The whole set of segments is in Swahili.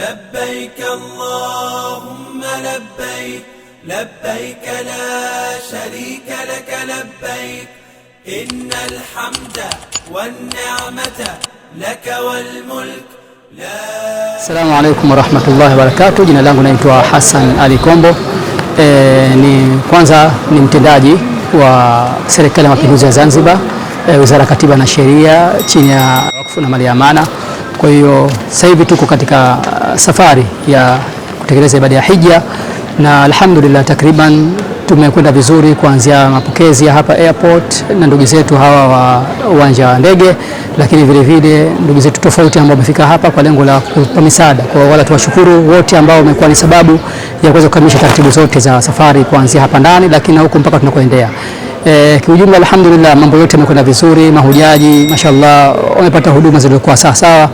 لبيك اللهم لبيك لبيك لا شريك لك لبيك إن الحمد والنعمة لك والملك لا السلام عليكم ورحمة الله وبركاته. Jina langu naitwa Hassan Ali Kombo. E, ni kwanza ni mtendaji wa Serikali ya Mapinduzi ya Zanzibar, e, Wizara ya Katiba na Sheria chini ya Wakfu na Mali ya Amana. Kwa hiyo sasa hivi tuko katika uh, safari ya kutekeleza ibada ya hija na alhamdulillah, takriban tumekwenda vizuri kuanzia mapokezi ya hapa airport na ndugu zetu hawa wa uwanja wa ndege, lakini vilevile ndugu zetu tofauti ambao wamefika hapa kwa lengo la kupa misaada kwa wala. Tuwashukuru wote ambao wamekuwa ni sababu ya kuweza kukamilisha taratibu zote za safari kuanzia hapa ndani, lakini na huko mpaka tunakoendea. Eh, kiujumla alhamdulillah, mambo yote yamekwenda vizuri, mahujaji mashallah wamepata huduma zilizokuwa sawa sawa.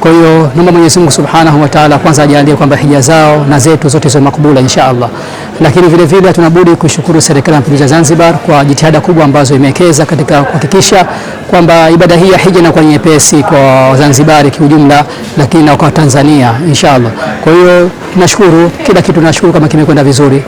Kwa hiyo naomba Mwenyezi Mungu Subhanahu wa Ta'ala kwanza ajalie kwamba hija zao na zetu zote ziwe makubula inshaallah. Lakini vile vile tunabudi kushukuru serikali ya Mapinduzi ya Zanzibar kwa jitihada kubwa ambazo imewekeza katika kuhakikisha kwamba ibada hii ya hija inakuwa nyepesi kwa Zanzibari kiujumla, lakini na kwa Tanzania inshaallah. Kwa hiyo tunashukuru, kila kitu tunashukuru kama kimekwenda vizuri,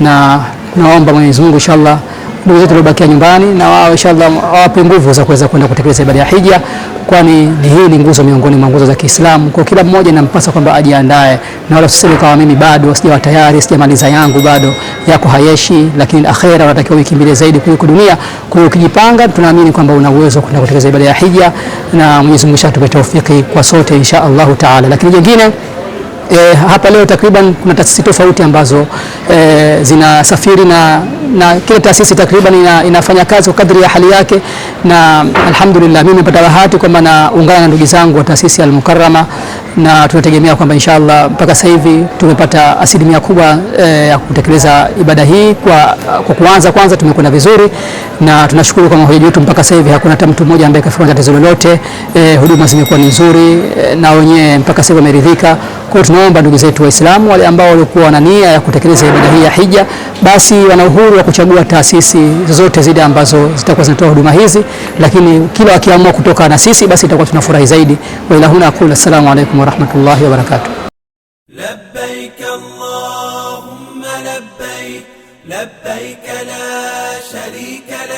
na naomba Mwenyezi Mungu inshaallah ndugu zetu waliobakia nyumbani, na wao inshallah wape nguvu za kuweza kwenda kutekeleza ibada ya hija, kwani ni hii ni nguzo miongoni mwa nguzo za Kiislamu. Kwa kila mmoja inampasa kwamba ajiandae, na wala sisi kama mimi bado sijawa tayari, sijamaliza yangu bado, yako hayeshi, lakini akhera unatakiwa ukimbile zaidi kuliko dunia. Kwa hiyo ukijipanga, tunaamini kwamba una uwezo kwenda kutekeleza ibada ya hija, na Mwenyezi Mungu atupe taufiki kwa sote inshallah taala. Lakini jingine E, hapa leo takriban kuna taasisi tofauti ambazo e, zinasafiri na na kila taasisi takriban ina, inafanya kazi kwa kadri ya hali yake, na alhamdulillah mimi nimepata bahati kwamba naungana na ndugu zangu wa taasisi Al-Mukarrama na tunategemea kwamba inshallah mpaka sasa hivi tumepata asilimia kubwa eh, ya e, kutekeleza ibada hii kwa, kwa kuanza kwanza tumekwenda vizuri, na tunashukuru kwa mahujaji wetu mpaka sasa hivi hakuna hata mtu mmoja ambaye kafikwa tatizo lolote. E, huduma zimekuwa nzuri e, na wenyewe mpaka sasa wameridhika. Kwa tunaomba ndugu zetu Waislamu wale ambao walikuwa wana nia ya kutekeleza ibada hii ya hija, basi wana uhuru wa kuchagua taasisi zote zile ambazo zitakuwa zinatoa huduma hizi, lakini kila wakiamua kutoka na sisi, basi itakuwa tunafurahi zaidi. wa ila huna kula. assalamu alaykum wa rahmatullahi wa barakatuh. Labbaik Allahumma labbaik labbaik la sharika